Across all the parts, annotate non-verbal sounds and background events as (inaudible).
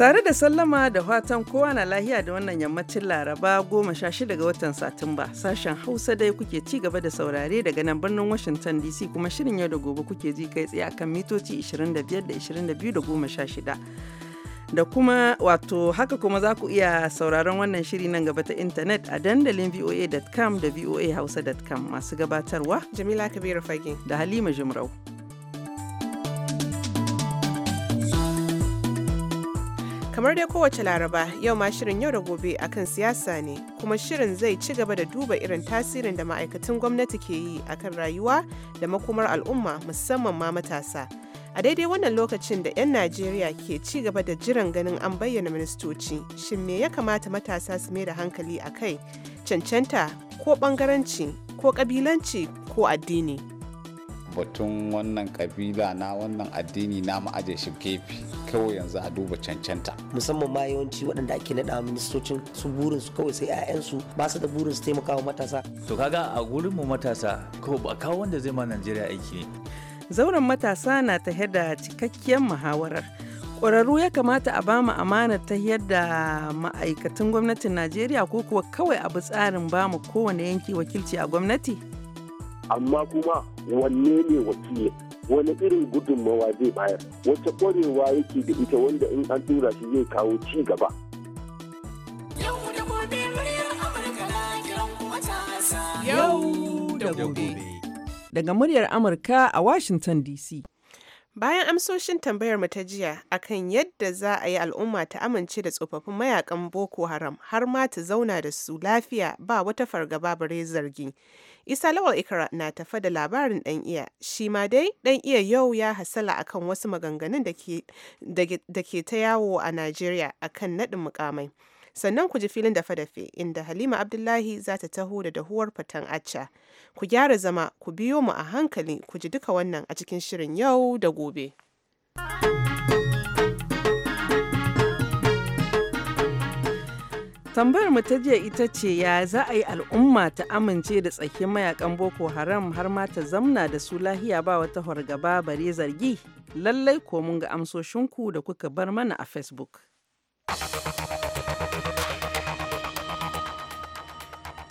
Tare da sallama da fatan kowa na lahiya da wannan yammacin Laraba goma sha shida ga watan Satumba. Sashen Hausa dai kuke ci gaba da saurare daga nan birnin Washington DC kuma shirin yau da gobe kuke ji kai tsaye kan mitoci 25 da 22 da goma sha shida. Da kuma wato haka kuma za ku iya sauraron wannan shiri nan gaba ta intanet a dandalin voa.com da voahausa.com masu gabatarwa. Jamila Kabiru Fage. Da Halima Jumrau. Kamar dai kowace laraba yau ma shirin yau da gobe akan siyasa ne kuma shirin zai ci gaba da duba irin tasirin da ma'aikatan gwamnati ke yi akan rayuwa da makomar al'umma musamman ma matasa. A daidai wannan lokacin da 'yan Najeriya ke ci gaba da jiran ganin an bayyana ministoci, shin me ya kamata matasa su mai da hankali a kai, cancanta ko bangaranci ko ƙabilanci ko addini? batun wannan kabila na wannan addini na ma'ajin shi gefe kawai yanzu a duba cancanta musamman ma yawanci waɗanda ake naɗa ministocin su burin su kawai sai 'ya'yansu ba su da burin su taimaka wa matasa to kaga a gurin mu matasa kawai ba kawo wanda zai ma Najeriya aiki ne zauren matasa na ta da cikakkiyar muhawarar ƙwararru ya kamata a bamu amana ta yadda ma'aikatan gwamnatin najeriya ko kuwa kawai abu tsarin bamu kowane yanki wakilci a gwamnati amma kuma wanne ne wakili wani irin gudunmawa zai bayar wacce ƙwarewa yake da ita wanda in an tura shi zai kawo ci gaba yau da gobe daga muryar amurka a washington dc bayan amsoshin tambayar ta jiya akan yadda za a yi al'umma ta amince da tsofaffin mayakan boko haram har ma ta zauna da su lafiya ba wata fargaba bare zargi Isa Lawal Ikra na tafa da labarin ɗan iya, shi ma dai ɗan iya yau ya hasala akan wasu maganganun da ke ta yawo a Najeriya akan naɗin mukamai. Sannan ku ji filin da dafe inda Halima Abdullahi za ta taho da dahuwar fatan acca. Ku gyara zama, ku biyo mu a hankali, ku ji duka wannan a cikin shirin yau da gobe. Tambayar mu ta jiya ita ce ya za a yi al'umma ta amince da tsakin mayakan Boko Haram har ma ta zamna da su lahiya ba wata hargaba bare zargi? Lallai ko mun ga amsoshinku da kuka bar mana a Facebook.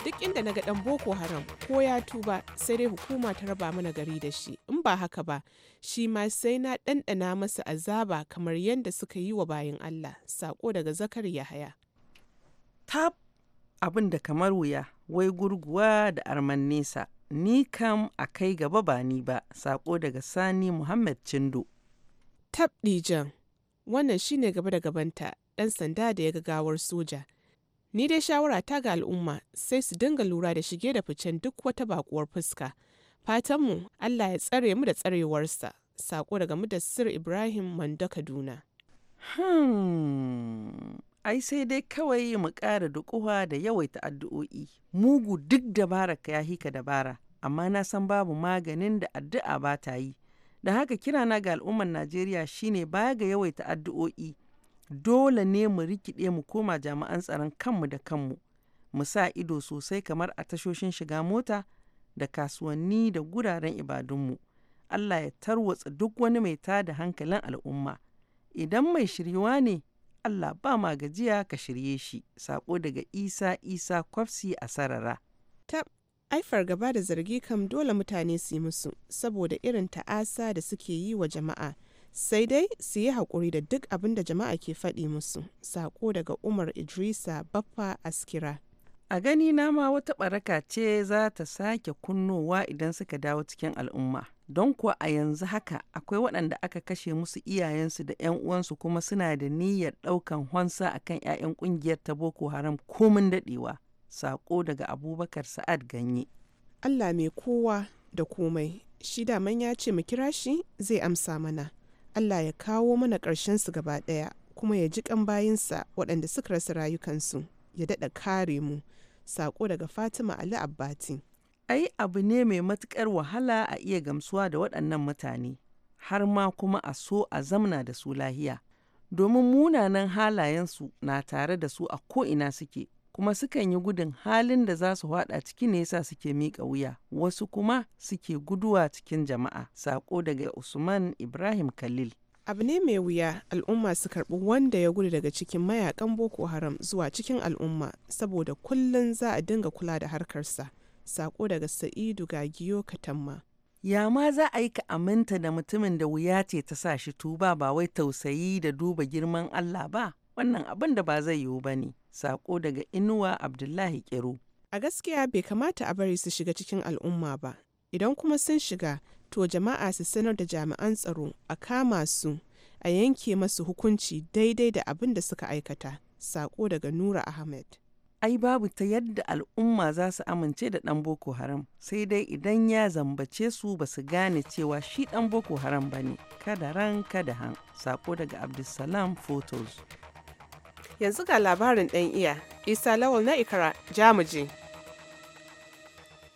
Duk inda na ga ɗan Boko Haram ko ya tuba sai dai hukuma ta raba mana gari da shi in ba haka ba shi ma sai na ɗanɗana masa azaba kamar yadda suka yi wa bayan Allah sako daga zakar Yahaya. ta abin da kamar wuya wai gurguwa da arman nesa ni kam a kai gaba ba ni ba sako daga sani muhammad cindo tab dijan wannan shine gaba da gabanta dan sanda da ya ga gawar soja ni dai shawara ta ga al'umma sai su dinga lura da shige da ficen duk wata bakuwar fuska fatanmu allah ya tsare mu da tsarewarsa sako daga mudassir ibrahim mando kaduna hmm. ai sai dai kawai mu ƙara duƙuwa da yawaita addu'o'i mugu duk dabara ka ya hika dabara amma na san babu maganin da addu'a ba ta yi da haka kirana ga al'ummar najeriya shine baya ga yawaita addu'o'i dole ne mu rikide mu koma jami'an tsaron kanmu da kanmu mu sa ido sosai kamar a tashoshin shiga mota da kasuwanni da guraren ibadunmu allah ya tarwatsa duk wani mai tada hankalin al'umma idan mai shiryuwa ne Allah ba ma gajiya ka shirye shi, sako daga Isa Isa Kwafsi a sarara. Tab, ai fargaba da zargi kam dole mutane su yi musu, saboda irin ta'asa da suke yi wa jama'a. Sai dai su yi haƙuri da duk abin da jama'a ke faɗi musu, sako daga Umar Idrisa Baffa Askira. A gani na ma wata ɓaraka ce za ta sake kunnowa idan suka dawo cikin al'umma. Don kuwa a yanzu haka akwai waɗanda aka kashe musu iyayensu da 'yan uwansu kuma suna da niyyar ɗaukan honsa kan 'ya'yan ƙungiyar ta Boko Haram komin daɗewa. saƙo daga Abubakar Sa'ad Ganye. Allah mai kowa da komai, shi daman ya ce mu kira shi zai amsa mana. Allah ya kawo mana ƙarshensu gaba ɗaya kuma ya ji bayinsa waɗanda suka rasa rayukansu. ya daɗa kare mu. Sako daga Fatima Ali Abbati. Ai abu ne mai matuƙar wahala a iya gamsuwa da waɗannan mutane, har ma kuma a so a zamna da su lahiya. Domin munanan halayensu na tare da su a ko ina suke, kuma sukan yi gudun halin da za su haɗa ciki ne yasa suke mika wuya, wasu kuma suke guduwa cikin jama'a. Sako daga Usman Ibrahim Khalil. abu ne mai wuya al'umma su karbi wanda ya gudu daga cikin mayakan boko haram zuwa cikin al'umma saboda kullum za a dinga kula da harkarsa sako daga sa'idu ga giyo katamma ya ma za a yi ka aminta da mutumin da wuya ce ta sa shi tuba ba wai tausayi da duba girman allah ba wannan abin da ba zai yiwu ba ne sako daga inuwa abdullahi kero a gaskiya bai kamata a bari su shiga cikin al'umma ba idan kuma sun shiga to jama'a su sanar da jami'an tsaro a kama su a yanke masu hukunci daidai da abin da suka aikata sako daga nura ahmed ai babu ta yadda al'umma za su amince da ɗan boko haram sai dai idan ya zambace su ba su gane cewa shi ɗan boko haram ba ne kada ran kada han sako daga abdulsalam photos yanzu ga labarin ɗan iya isa lawal na ikara jamuje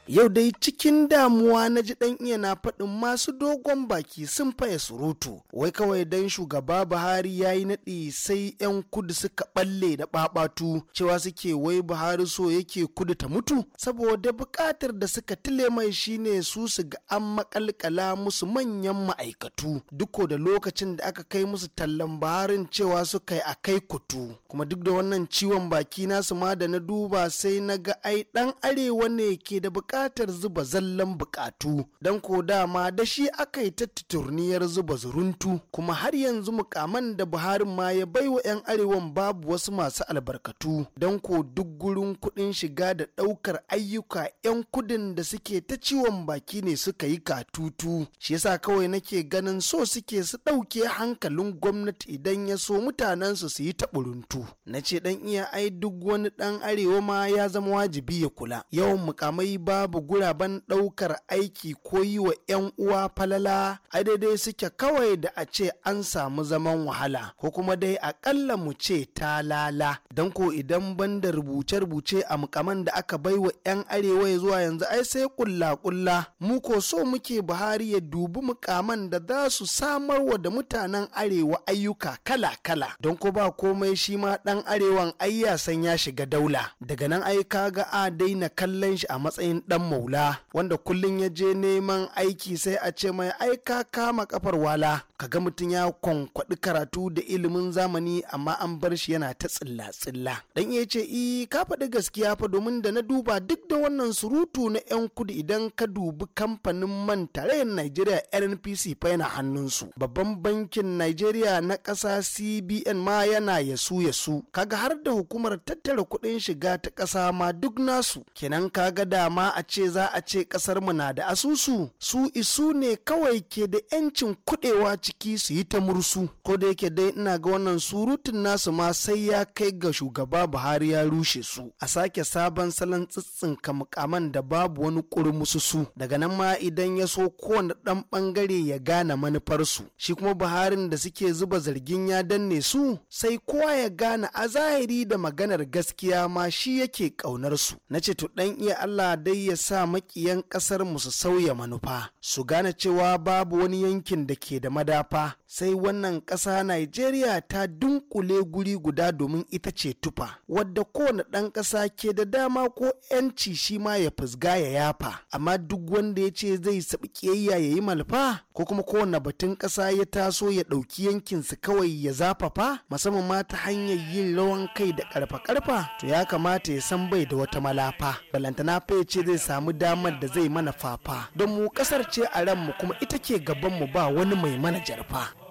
Yau dai cikin damuwa na ji dan iya na faɗin masu dogon baki sun faye surutu, wai kawai dan shugaba Buhari ya yi naɗi sai 'yan kudu suka ɓalle da ɓaɓatu cewa suke wai Buhari so yake kudu ta mutu, saboda buƙatar da suka tile mai shine su su ga an maƙalƙala musu manyan ma'aikatu, duko da lokacin da aka kai musu tallan Buharin cewa suka yi a kai kutu, kuma duk da wannan ciwon baki nasu ma da na duba sai na ga ai ɗan arewa ne ke da buƙatar buƙatar zuba zallan buƙatu don ko dama da shi aka yi ta turniyar zuba zuruntu kuma har yanzu mukaman da buharin ma ya baiwa 'yan arewan babu wasu masu albarkatu don ko duk gurin kuɗin shiga da ɗaukar ayyuka 'yan kudin da suke ta ciwon baki ne suka yi katutu shi yasa kawai nake ganin so suke su ɗauke hankalin gwamnati idan ya so mutanensu su yi taɓuruntu na ce ɗan iya ai duk wani ɗan arewa ma ya zama wajibi ya kula yawan mukamai ba babu guraben ɗaukar aiki ko yi wa 'yan uwa falala a daidai suke kawai da a ce an samu zaman wahala ko kuma dai aƙalla mu ce ta lala don ko idan ban da rubuce-rubuce a mukaman da aka bai wa 'yan arewa ya zuwa yanzu ai sai kulla-kulla mu ko so muke buhari ya dubi mukaman da za su samar wa da mutanen arewa ayyuka kala-kala don ko ba komai shi ma ɗan arewan ai ya san ya shiga daula daga nan ai ga a daina kallon shi a matsayin dan maula wanda kullum ya je neman aiki sai a ce mai aika kama kafar wala ka ga mutum ya kwankwaɗi karatu da ilimin zamani amma an bar shi yana ta tsilla-tsilla dan iya ce i ka faɗi gaskiya fa domin da na duba duk da wannan surutu na 'yan kudu idan ka dubi kamfanin man tarayyar najeriya nnpc fa yana hannunsu babban bankin najeriya na ƙasa cbn ma yana yasu yasu kaga har da hukumar tattara kuɗin shiga ta ƙasa ma duk nasu kenan kaga dama a ce za a ce ƙasar mu na da asusu su isu ne kawai ke da 'yancin kuɗewa ciki su yi ta mursu ko da yake dai ina ga wannan surutun nasu ma sai ya kai ga shugaba buhari ya rushe su a sake sabon salon tsitsin mukaman da babu wani su. daga nan ma idan ya so kowane dan bangare ya gane manufarsu shi kuma buharin da suke zuba zargin ya danne su sai kowa ya gane a zahiri da maganar gaskiya ma shi yake kaunar su na ce to dan iya allah dai ya sa maƙiyan kasar mu su sauya manufa su gane cewa babu wani yankin da ke da mada pá. sai wannan ƙasa Najeriya ta dunkule guri guda domin ita ce tufa, wadda kowane ɗan ƙasa ke da dama ko 'yanci shi ma ya fusga ya yafa, amma duk wanda ya ce zai saɓi ƙiyayya ya yi malfa ko kuma kowane batun ƙasa ya taso ya ɗauki yankinsa kawai ya zafafa musamman ma ta hanyar yin rawan kai da ƙarfa-ƙarfa to ya kamata ya san bai da wata malafa. Balantana fa ce zai samu damar da zai mana fafa don mu ƙasar ce a ranmu kuma ita ke gaban mu ba wani mai mana jarfa.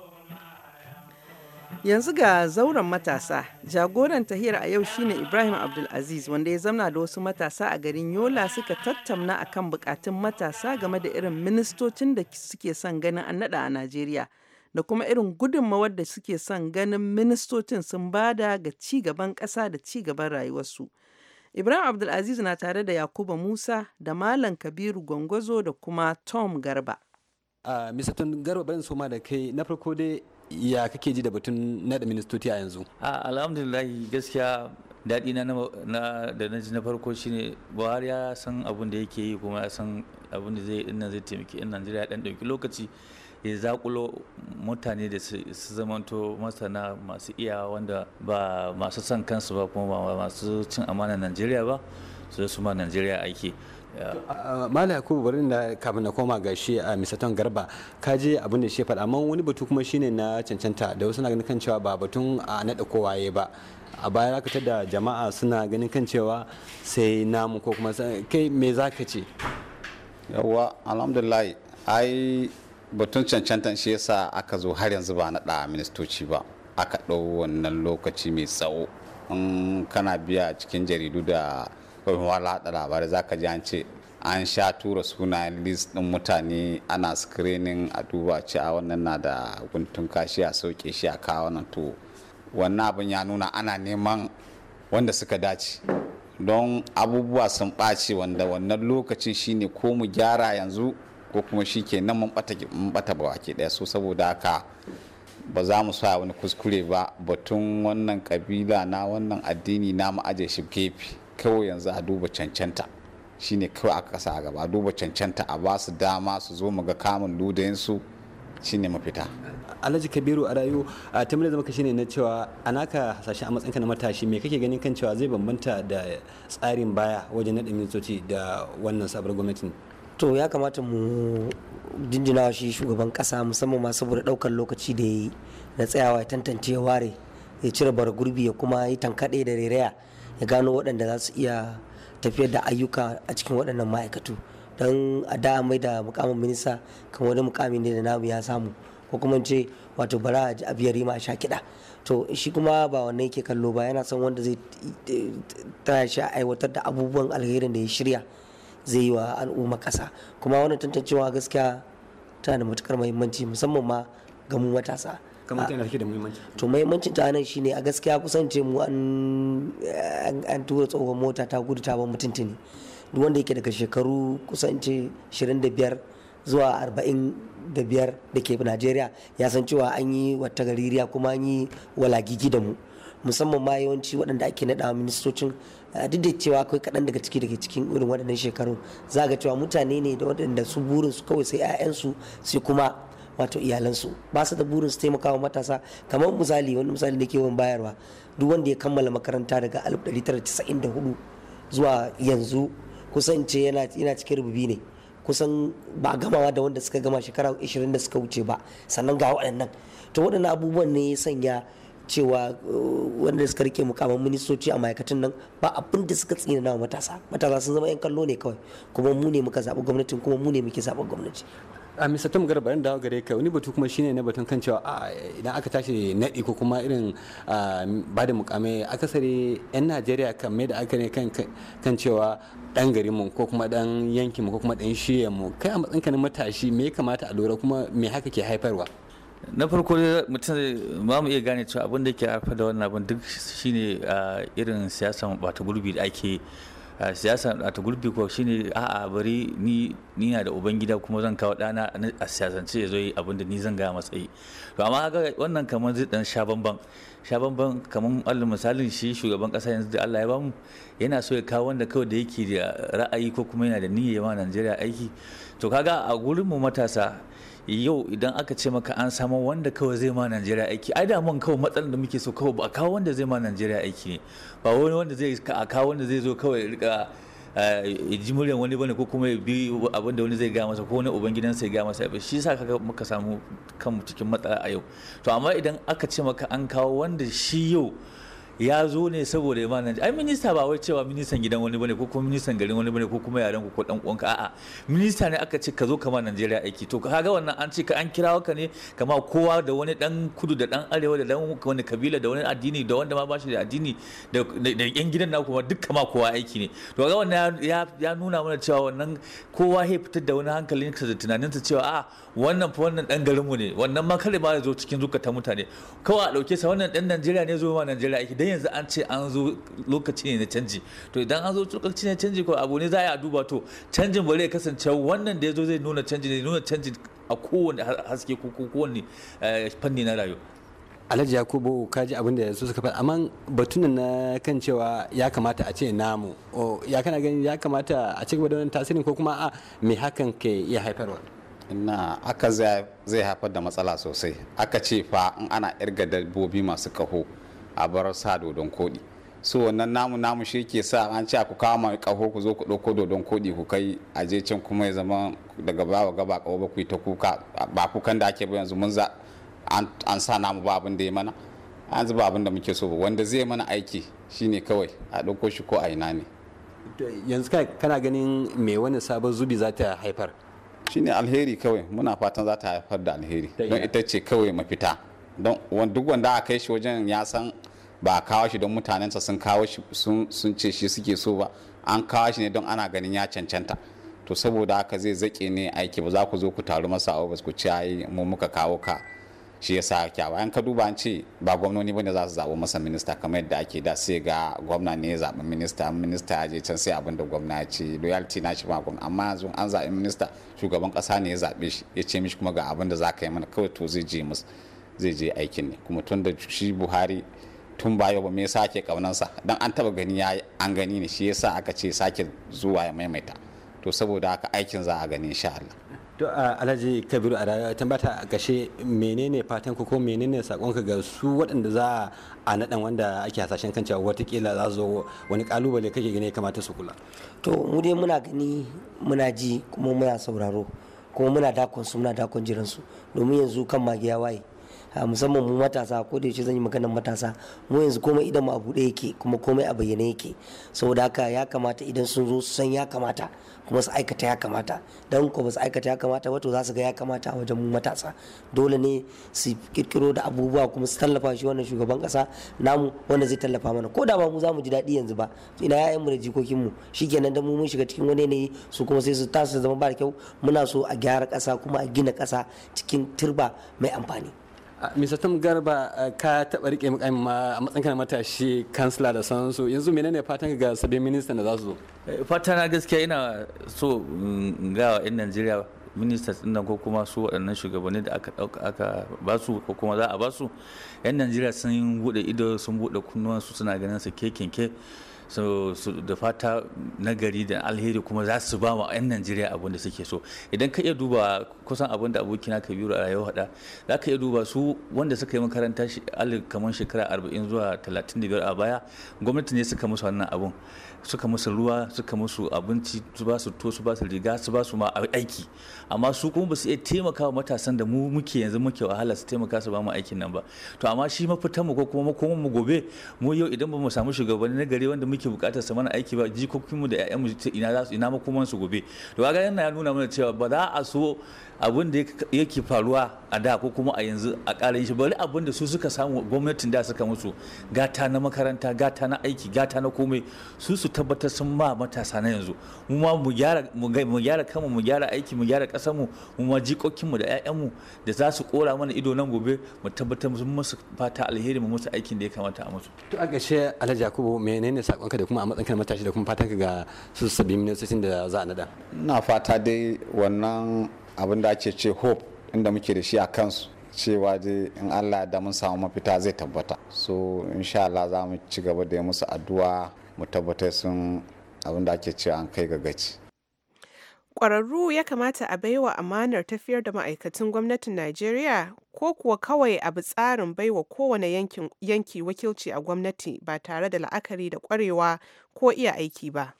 Yanzu ga zauren matasa, jagoran tahiyar a yau shine Ibrahim Abdulaziz wanda ya zamna da wasu matasa a garin Yola suka tattauna kan bukatun matasa game da irin ministocin da suke son ganin an nada a Najeriya da kuma irin gudunmawar da suke son ganin ministocin sun bada ga ci gaban ƙasa da ci gaban rayuwarsu. Ibrahim Abdulaziz na tare da Yakuba Musa da Malam Kabiru Gwangwazo da kuma Tom Garba. a ah, misatun garba so ma da kai na farko dai ya kake ji da batun naɗa ministoci a yanzu alhamdulillah gaskiya daɗi na da na ji na farko shine buhari ya san abin da yake yi kuma ya san abin da zai inna zai taimaki in najeriya dan ɗauki lokaci ya zakulo mutane da su zamanto masana masu iya wanda ba masu son kansu ba kuma ba masu cin amana najeriya ba su su ma najeriya aiki Uh, mala yakubu bari da kafin na koma ga shi a uh, misaton garba ka je abin da shi faɗa amma wani batu kuma shine na cancanta da wasu na ganin kan cewa ba batun a uh, naɗa kowaye ba a baya ka da jama'a suna ganin kan cewa sai namu ko kuma kai me za ka ce yawwa alhamdulillah ai batun cancantan shi yasa aka zo har yanzu ba naɗa ministoci ba aka ɗau wannan lokaci mai tsawo in kana biya cikin jaridu da kafin hada labarai za ka ji an ce an sha tura sunayen list din mutane ana screening a duba ce a ah, wannan na da guntun kashi a sauke shi a kawo wannan to wannan abin ya nuna ana neman wanda suka dace don abubuwa sun ɓace wanda wannan lokacin shine ko mu gyara yanzu ko kuma shi ke nan mun ɓata ba ke ɗaya so saboda haka ba za mu sa wani kuskure ba batun wannan kabila na wannan addini na mu aje shi gefe kawai yanzu a duba cancanta shine kawai aka kasa a gaba a duba cancanta a basu dama su zo mu ga kamun shi shine mafita alhaji kabiru a rayu a tamar zama kashi ne na cewa anaka ka hasashen a matsayinka na matashi me kake ganin kan cewa zai bambanta da tsarin baya wajen naɗa ministoci da wannan sabar gwamnatin to ya kamata mu jinjinawa shi shugaban kasa musamman ma saboda ɗaukar lokaci da ya yi na tsayawa ya tantance ya ware ya cire bara gurbi ya kuma yi tankaɗe da rereya ya gano waɗanda za su iya tafiyar da ayyuka a cikin waɗannan ma'aikatu don a da mai da mukamin minista kan wani mukami ne da namu ya samu ko kuma ce wato bara a biyar rima a sha kiɗa to shi kuma ba wannan yake kallo ba yana son wanda zai taya shi aiwatar da abubuwan alherin da ya shirya zai yi wa al'umma kasa kuma wannan tantancewa gaskiya tana da matukar muhimmanci musamman ma ga mu matasa kamar tana take da muhimmanci to muhimmancin ta nan shine a gaskiya kusance mu an an tura tsohon mota ta gudu ta ban mutuntuni duk wanda yake daga shekaru kusance 25 zuwa 45 da ke Najeriya ya san cewa an yi wata gaririya kuma an yi walagigi da mu musamman ma yawanci waɗanda ake naɗa ministocin duk da cewa akwai kaɗan daga ciki daga cikin irin waɗannan shekaru za ga cewa mutane ne da waɗanda su burin su kawai sai 'ya'yansu sai kuma wato iyalansu ba su da burin su taimaka wa matasa kamar misali wani misali da ke wani bayarwa duk wanda ya kammala makaranta daga 1994 zuwa yanzu kusan ce yana cikin rububi ne kusan ba gamawa da wanda suka gama shekara 20 da suka wuce ba sannan ga waɗannan to waɗannan abubuwan ne ya sanya cewa uh, wanda suka rike mukamman ministoci a ma'aikatan nan ba abin da suka tsina na matasa matasa sun zama 'yan kallo ne kawai kuma mu ne muka zaɓi gwamnatin kuma mu ne muke zaɓi gwamnati a mr tom garba yan dawo gare ka wani batu kuma shine na batun kan cewa idan aka tashi naɗi ko kuma irin ba da mukamai akasari yan najeriya kan mai da aka ne kan cewa dan garin mu ko kuma dan yankin mu ko kuma dan shiyan mu kai a matsayin na matashi me kamata a lura kuma me haka ke haifarwa na farko mutum ba mu iya gane cewa abin da ke haifar da wannan abin duk shine irin ba ta gurbi da ake siyasa a ta gurbi ko shine a'a bari ni na da ubangida kuma zan kawo dana a siyasance ya zo yi abin da ni zan ga matsayi to amma ga wannan kamar zai dan sha bamban kamar Allah misalin shi shugaban ƙasa yanzu da Allah ya bamu yana so ya kawo wanda kawai da yake da ra'ayi ko kuma yana da niyya ma Najeriya aiki to kaga a gurin mu matasa yau idan aka ce maka an samu wanda kawai zai ma Najeriya aiki ai da mun kawai matsalar da muke so kawai ba kawo wanda zai ma Najeriya aiki ne ba wani wanda zai a kawo wanda zai zo kawai ya rika eh, ji muryan wani bane ko kuma ya bi abin da wani zai gaya masa ko wani ubangidansa ya gaya masa shi sa kaga muka samu kanmu cikin matsala a yau to amma idan aka ce maka an kawo wanda shi yau ya zo ne saboda imanin ai minista ba wai cewa ministan gidan wani bane ko kuma ministan garin wani bane ko kuma yaren ku ko dan ka a'a minista ne aka ce ka zo kama Najeriya aiki to kaga wannan an ce ka an kirawo ka ne kama kowa da wani dan kudu da dan arewa da dan wani kabila da wani addini da wanda ma bashi da addini da yan gidan na kuma duk kama kowa aiki ne to kaga wannan ya nuna mana cewa wannan kowa ya fitar da wani hankalin da tunaninsa cewa a wannan fa wannan dan mu ne wannan ma kare ba ya zo cikin zukatan mutane kawai a dauke sa wannan dan Najeriya ne zo ma Najeriya aiki dan yanzu an ce an zo lokaci ne na canji to idan an zo lokaci ne canji ko abu ne za a yi duba to canjin bare ya kasance wannan da ya zo zai nuna canji ne nuna canji a kowane haske ko kowane eh, fanni na rayuwa alhaji yakubu ka ji abin da su suka faɗa amma batunan na kan cewa ya kamata a ce namu ya kana ganin ya kamata a ci gaba da tasirin ko kuma a me hakan ke iya haifarwa na aka zai haifar da matsala sosai aka ce fa in ana irga dabbobi masu kaho a bar sa dodon koɗi so wannan namu namu shi ke sa an ce ku kama kaho ku zo ku ɗauko dodon koɗi ku kai je can kuma ya zama daga bawa gaba kawo ba ku yi ta kuka ba kukan da ake ba yanzu mun za an sa namu ba abin da ya mana an zuba abin da muke so ba wanda zai mana aiki shine kawai a ɗauko shi ko a ina ne yanzu kai kana ganin me wani sabon zubi za ta haifar shine alheri kawai muna fatan za ta haifar da alheri don ita ce kawai mafita don duk wanda aka kai shi wajen ya san ba a kawo shi don mutanensa sun kawo shi sun ce shi suke so ba an kawo shi ne don ana ganin ya cancanta to saboda haka zai zake ne aiki ba za ku zo ku taru masa a ku ci yi mu muka kawo ka shi ya sa kyawa an ka duba an ce ba gwamnoni ne za su zaɓi masa minista kamar yadda ake da sai ga gwamna ne ya zaɓi minista minista ya je can sai abin da gwamna ya ce loyalty na shi gwamna amma yanzu an zaɓi minista shugaban ƙasa ne ya zaɓe shi ya ce mishi kuma ga abin da za ka yi mana kawai to zai je musu zai je aikin ne kuma tun da shi buhari tun baya ba me yasa kaunansa don an taba gani ya an gani ne shi yasa aka ce sake zuwa ya maimaita to saboda haka aikin za a gani insha Allah to alhaji kabiru a tambata a kashe menene fatan ku ko menene sakonka ga su waɗanda za a naɗan wanda ake hasashen kan cewa watakila za su zo wani kalubale kake gani kamata su kula to mu dai muna gani muna ji kuma muna sauraro kuma muna dakon su muna dakon jiran su domin yanzu kan magiya waye Ah, musamman mu matasa ko da yaushe zan yi maganar matasa mu yanzu komai idan mu a buɗe yake kuma komai a bayyane yake saboda haka ya kamata idan sun zo su san ya kamata kuma su aikata ya kamata dan ko ba su aikata ya kamata ba to za su ga ya kamata a wajen mu matasa dole ne su kirkiro da abubuwa kuma su tallafa shi wannan shugaban kasa namu wanda zai tallafa mana ko da ba mu za mu ji daɗi yanzu ba ina mu da jikokin jikokinmu shikenan da mu mun shiga cikin wani yanayi su kuma sai su tasu zama ba da kyau muna so a gyara kasa kuma a gina kasa cikin turba mai amfani Ah, Mr. Garba ah, ka taɓa rike a matsayin kana matashi kansila da sansu yanzu menene fatan ga sabbin ministan da za su zo? Eh, fatan na gaskiya ina so ga wa 'yan Najeriya ministers din nan ko kuma su waɗannan shugabanni da aka ɗauka aka ba su ko kuma za a ba su 'yan Najeriya sun buɗe ido sun buɗe kunnuwansu suna ganin su ke kenke. so da fata nagari da alheri kuma za su ba wa 'yan najeriya abin da suke so idan ka iya duba kusan abin da abokina kabiru a yau hada za ka iya duba su wanda suka yi makaranta kamar shekara 40 zuwa 35 a baya gwamnati ne suka musu wannan abun suka musu ruwa suka musu abinci su ba su to su ba su riga su ba su ma aiki amma su kuma ba su iya taimaka wa matasan da mu muke yanzu muke wahala su taimaka su ba mu aikin nan ba to amma shi mafitan mu ko kuma makoman mu gobe mu yau idan ba mu samu shugabanni na gari wanda muke bukatar su mana aiki ba jikokin mu da ƴaƴan mu ina za su ina makoman su gobe to kaga yana ya nuna mana cewa ba za a so abin da yake faruwa a da ko kuma a yanzu a ƙarin shi bari abin da su suka samu gwamnatin da suka musu gata na makaranta gata na aiki gata na komai su su tabbatar sun ba matasa na yanzu mu ma mu gyara kanmu mu gyara aiki mu gyara kasar mu mu ma jikokin mu da ƴaƴan mu da za su kora mana ido nan gobe mu tabbatar sun musu fata alheri mu musu aikin da ya kamata a musu to a gashe Alhaji Yakubu menene ka da kuma a matsayin matashi da kuma ka ga su sabbin ministocin da za a nada ina fata dai wannan abin da ake ce hope inda muke da shi a kansu cewa je in Allah da mun samu mafita zai tabbata so insha Allah za mu ci gaba da musu addu'a mu tabbatar sun abin da ake cewa an kai ga gaci kwararru ya kamata a baiwa amanar tafiyar da ma'aikatan gwamnatin Najeriya ko kuwa kawai a tsarin baiwa kowane yanki wakilci a gwamnati ba tare da la'akari da kwarewa ko iya aiki ba.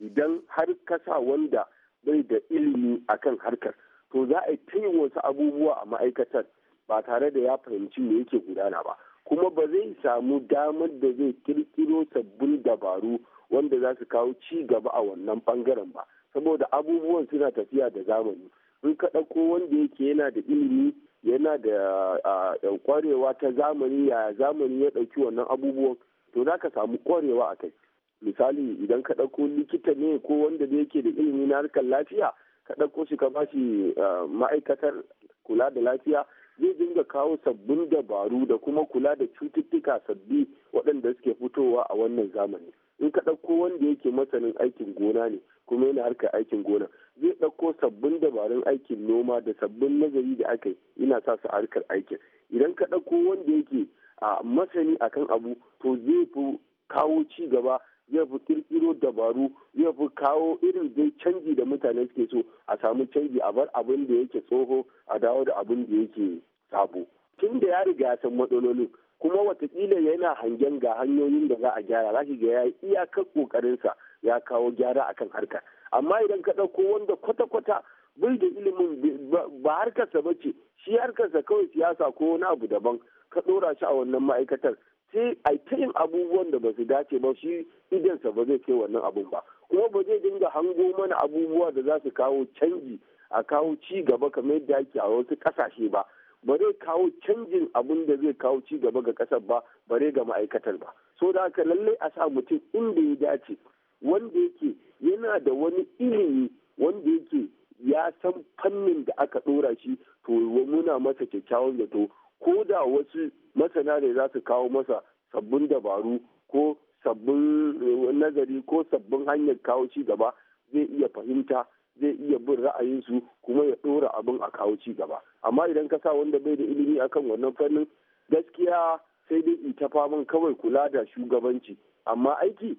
Idan har kasa wanda bai da ilimi akan harkar, to za a yi wasu abubuwa a ma'aikatar ba tare da ya fahimci me yake gudana ba. kuma ba zai samu damar da zai kirkiro sabbin dabaru wanda za su kawo ci gaba a wannan bangaren ba saboda abubuwan suna tafiya da zamani in ka ɗauko wanda yake yana da ilimi yana da kwarewa ta zamani ya zamani ya ɗauki wannan abubuwan to za ka samu kwarewa a kai misali idan ka ɗauko likita ne ko wanda da yake da ilimi na harkar lafiya ka ɗauko shi ka ba shi ma'aikatar kula da lafiya zai dinga kawo sabbin dabaru da kuma kula da cututtuka sabbi waɗanda suke fitowa a wannan zamani in ka ɗauko wanda yake masanin aikin gona ne kuma yana harkar aikin gona zai ɗauko sabbin dabarun aikin noma da sabbin nazari da aka yi yana sa su harkar aikin idan ka ɗauko wanda yake a masani akan abu to zai fi kawo ci gaba ya fi kirkiro dabaru ya fi kawo irin dai canji da mutane suke so a samu canji a bar abin da yake tsoho a dawo da abin da yake sabo tun da ya riga ya san matsalolin kuma watakila yana hangen ga hanyoyin da za a gyara za ga ya yi iyakar kokarinsa ya kawo gyara akan harkar amma idan ka ɗauko wanda kwata-kwata bai da ilimin ba harkarsa ba ce shi harkarsa kawai siyasa ko wani abu daban ka ɗora shi a wannan ma'aikatar sai a ta yin abubuwan da ba su dace ba shi idansa ba zai kai wannan abun ba kuma ba zai dinga hango mana abubuwa da za su kawo canji a kawo ci gaba kamar yadda ake a wasu kasashe ba ba zai kawo canjin abun da zai kawo ci gaba ga kasar ba bare ga ma'aikatar ba so da haka lallai a sa mutum inda ya dace wanda yake yana da wani ilimi wanda yake ya san fannin da aka ɗora shi to muna masa kyakkyawan zato ko da wasu masana ne za su kawo masa sabbin dabaru ko sabbin eh, nazari ko sabbin hanyar kawo ci gaba zai iya fahimta zai iya bin ra'ayinsu kuma ya dora abin a kawo ci gaba amma idan ka sa wanda bai da ilimi akan wannan fannin gaskiya sai dai ta faman kawai kula da shugabanci amma aiki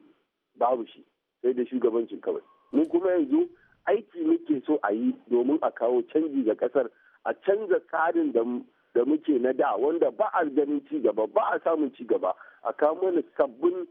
babu shi sai da shugabanci kawai mun kuma yanzu aiki muke so a yi domin a kawo canji ga kasar a canza tsarin da da muke na da wanda ba a ganin ci gaba ba a samun ci gaba a kawo mana sabbin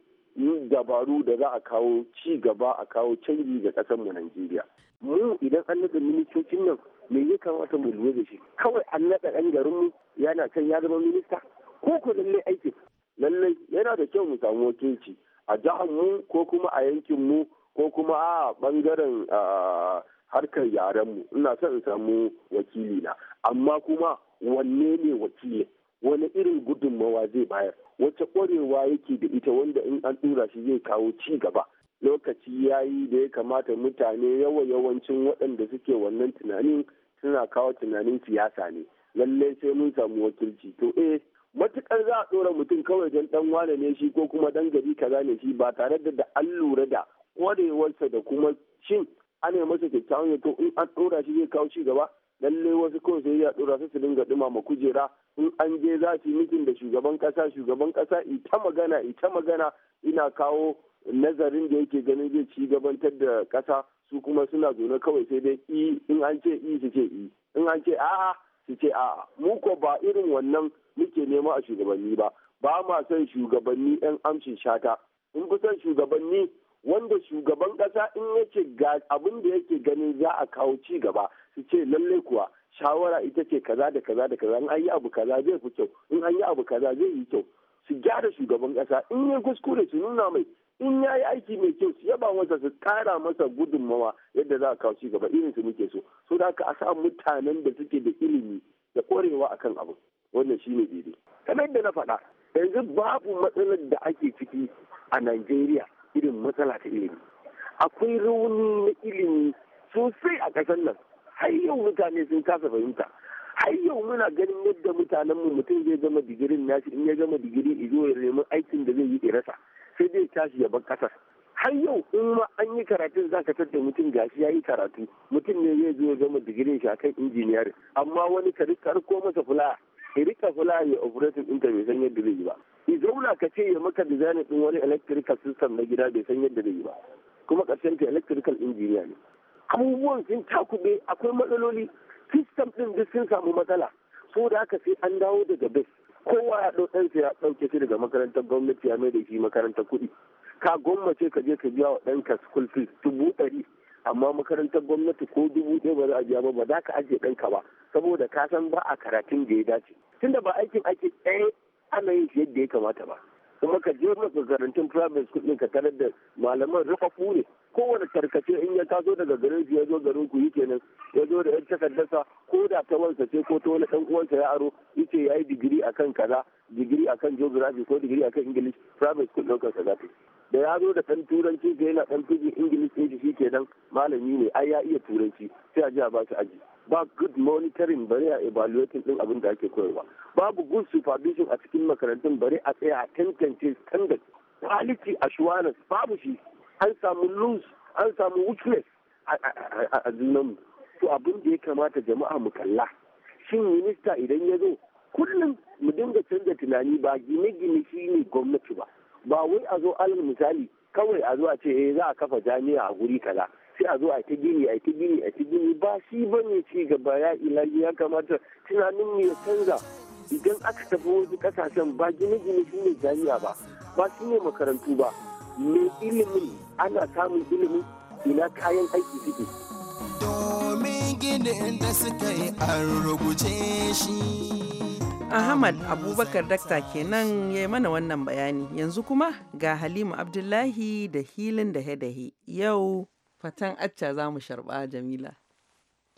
dabaru da za a kawo ci gaba a kawo canji ga kasar mu Najeriya mu idan an naɗa ministocin nan me ya kamata mu lura da shi kawai an naɗa ɗan garin mu yana kan ya zama minista ko ko lallai aikin lallai yana da kyau mu samu wakilci a jihar mu ko kuma a yankin mu ko kuma a ɓangaren harkar yaren mu ina son in samu wakilina amma kuma wanne ne wakili wani irin gudunmawa zai bayar wacce ƙwarewa yake da ita wanda in an tura shi zai kawo ci gaba lokaci ya yi da ya kamata mutane yawa yawancin waɗanda suke wannan tunanin suna kawo tunanin siyasa ne lallai sai mun samu wakilci to eh matukar za a ɗora mutum kawai don ɗan wane ne shi ko kuma ɗan gari kaza ne shi ba tare da da an lura da ƙwarewarsa da kuma shin ana masa kyakkyawan to in an ɗora shi zai kawo ci gaba lalle wasu kawai sai ya dora su su dinga dumama kujera in an je za su mitin da shugaban kasa shugaban kasa ita magana ita magana ina kawo nazarin da yake ganin zai ci gabantar da kasa su kuma suna zo kawai sai dai i in an ce i su ce i in an ce a'a su ce a'a mu ko ba irin wannan muke nema a shugabanni ba ba ma son shugabanni yan amshin shata in fi son shugabanni wanda shugaban kasa in yake ga abin da yake gani za a kawo ci gaba su ce lalle kuwa shawara ita ce kaza da kaza da kaza in an yi abu kaza zai fi kyau in an yi abu kaza zai yi kyau su gyara shugaban kasa in yi kuskure su nuna mai in ya yi aiki mai kyau su yaba masa su kara masa gudunmawa yadda za a kawo ci gaba irin su muke so so da aka a sa mutanen da suke da ilimi da korewa akan abu wannan shine daidai kamar yadda na faɗa yanzu babu matsalar da ake ciki a Najeriya irin matsala ta ilimi akwai rauni na ilimi sosai a kasar nan har yau mutane sun kasa fahimta har yau muna ganin yadda mutanen mu mutum zai gama digirin nashi in ya gama digiri izo ya nemi aikin da zai yi ya rasa sai zai tashi ya bar kasar har yau in ma an yi karatun za ka tattar mutum gashi ya yi karatu mutum ne zai zo ya gama digirin shi akan injiniyar amma wani ka ko masa fula ya rika fula ya operating interview bai san yadda zai yi ba i zauna ka ce ya maka design din wani electrical system na gida bai san yadda zai ba kuma karshen ta electrical engineer ne abubuwan sun takube akwai matsaloli system ɗin duk sun samu matsala so da haka sai an dawo daga base kowa ya ɗau ya ɗauke shi daga makarantar gwamnati ya mai da shi makarantar kuɗi ka gwammace ka je ka biya wa ɗanka school fees dubu ɗari amma makarantar gwamnati ko dubu ɗaya ba za a biya ba ba za ka ajiye ɗanka ba saboda ka san ba a karatun da ya dace tunda ba aikin ake tsaye eh, ana yin shi yadda ya kamata ba kuma ka je makarantun primary school ɗin ka tarar da malaman rufafu ne kowane tarkace in ya taso daga garin ya zo garin ku yi kenan ya zo da yan takardarsa ko da ta wansa ce ko ta wani ɗan uwansa ya aro yace ya yi digiri akan kaza digiri akan geography ko digiri akan english primary school ɗaukar kaza da ya zo da ɗan turanci ga yana ɗan ingilis english ɗin shi kenan malami ne ai ya iya turanci sai a ji a ba shi aji ba good monitoring bari a evaluating din abin da ake koyarwa babu good supervision a cikin makarantun bari a tsaya a tantance standard quality assurance babu shi an samu loose an samu weakness a junanmu to abin da ya kamata jama'a mu kalla shin minista idan ya zo kullum mu dinga canza tunani ba gine-gine shi ne gwamnati ba ba wai a zo alal misali kawai a zo a ce eh, za a kafa jami'a a guri kaza sai a zo a ta gini a ta gini a ta gini ba shi ba ne ci gaba ya ila ya kamata tunanin mu ya canza idan aka tafi wasu kasashen ba gine-gine shi ne jami'a ba ba shi ne makarantu ba mai ilimin ana samun ilimin ina kayan aiki suke domin ginin da suka yi an rubuce shi Ahmad Abubakar Dakta kenan ya yi mana wannan bayani yanzu kuma ga Halima Abdullahi da hilin da dahe yau Fatan acca za mu sharɓa Jamila.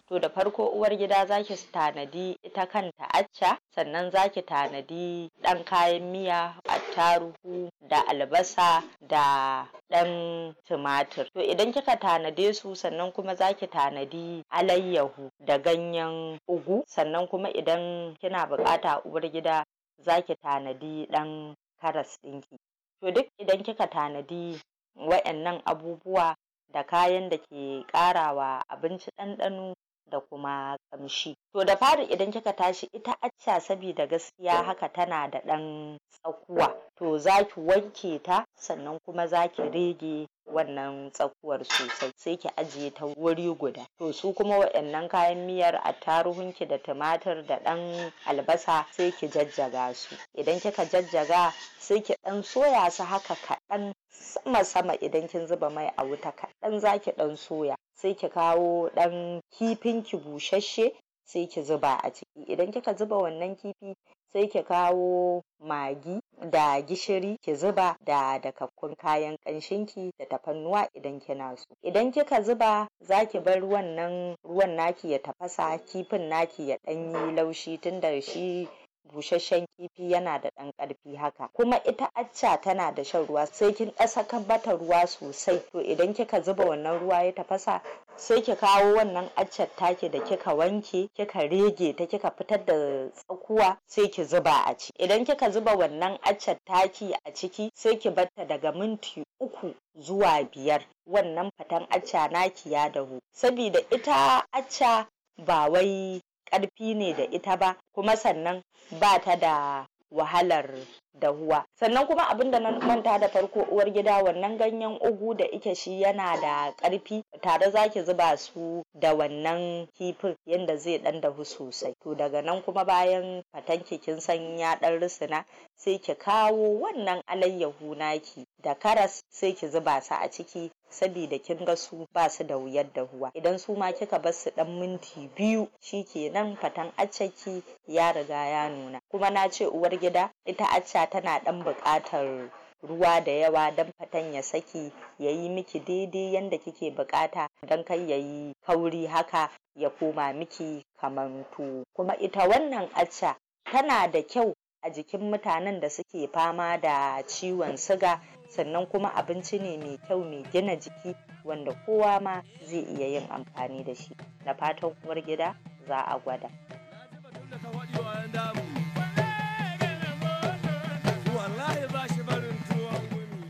To da farko uwar gida za ki tanadi ita kanta acca sannan za ki tanadi ɗan kayan miya attaruhu da albasa da ɗan tumatir. To idan kika tanade su sannan kuma za ki tanadi alayyahu da ganyen ugu sannan kuma idan kina buƙata uwar gida za ki tanadi ɗan karas ɗinki. To duk idan kika tanadi wa'annan abubuwa da kayan da ke ƙarawa abinci ɗanɗano da kuma ƙamshi. To da fari idan kika tashi ita acca sabida gaskiya haka tana da ɗan tsakuwa to za ki wanke ta sannan kuma za ki rege wannan tsakuwar sosai sai ki ajiye ta wuri guda to su kuma waɗannan kayan miyar a tarihunki da tumatir da ɗan albasa sai ki jajjaga su idan kika jajjaga sai ki ɗan soya su haka kaɗan sama sama idan kin zuba mai a wuta kaɗan za ki ɗan soya sai ki kawo ɗan kifin ki busasshe sai ki zuba a ciki idan kika zuba wannan kifi sai ki kawo magi da gishiri ki zuba da dakakkun kayan ƙanshinki da tafannuwa idan kina so idan kika zuba za ki bar wannan ruwan naki ya tafasa kifin naki ya ɗanyi yi laushi tunda shi busasshen kifi yana da ɗan ƙarfi haka kuma ita acca tana da shan ruwa sai kin kan bata ruwa sosai to idan kika zuba wannan ruwa ya tafasa sai ki kawo wannan accar taki da kika wanke kika rege ta kika fitar da tsakuwa sai ki zuba a ciki idan kika zuba wannan accen taki a ciki sai ki batta daga minti uku zuwa biyar wannan fatan acca naki ya dahu sabida ita acca ba wai ƙarfi ne da ita ba kuma sannan ba ta da wahalar Dahuwa, sannan kuma abin da na manta da farko uwar gida wannan ganyen ugu da ike shi yana da karfi tare zaki zuba su da wannan kifin yadda zai dan dahu sosai to daga nan kuma bayan fatanki kin san ya dan risina sai ki kawo wannan alayyahu naki da karas sai ki zuba su a ciki sabida kin ga su ba su da wuyar dahuwa, idan su ma kika bar su dan minti biyu shikenan fatan accaki ya riga ya nuna kuma na ce uwar gida ita acca fata tana ɗan buƙatar ruwa da yawa don fatan ya saki ya yi miki daidai yadda kike buƙata don kai ya yi kauri haka ya koma miki kamar to kuma ita wannan acca tana da kyau a jikin mutanen da suke fama da ciwon siga sannan kuma abinci ne mai kyau mai gina jiki wanda kowa ma zai iya yin amfani da shi na fatan uwar gida za a gwada.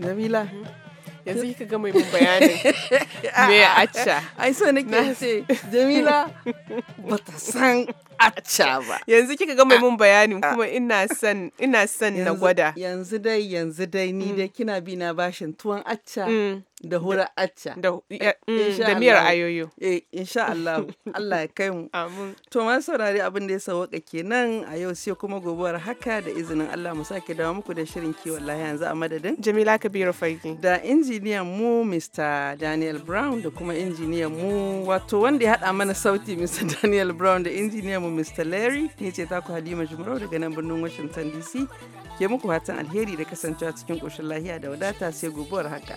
Jamila. yanzu kika ga yi mun bayanin me acca ai so nake ce Jamila (laughs) bata san yanzu kika ga mai mun bayani kuma ina san na gwada yanzu dai yanzu dai ni mm. dai kina bi na bashin tuwon acca mm. da hura acca mm, eh, da miyar ayoyo eh insha Allah Allah ya kai mu amin to ma saurari abin da ya sauka kenan a yau sai kuma gobuwar haka da izinin Allah mu sake dawo muku da shirin kiwon lafiya yanzu a madadin Jamila Kabiru Faiki da injiniyan mu Mr Daniel Brown da kuma injiniyan mu wato wanda ya haɗa mana sauti Mr Daniel Brown da injiniyan mu Mr. Larry ne ce taku Halima Jumarau daga nan birnin Washington DC ke muku hatan alheri da kasancewa cikin ƙoshin lahiya da wadata sai gobuwar haka.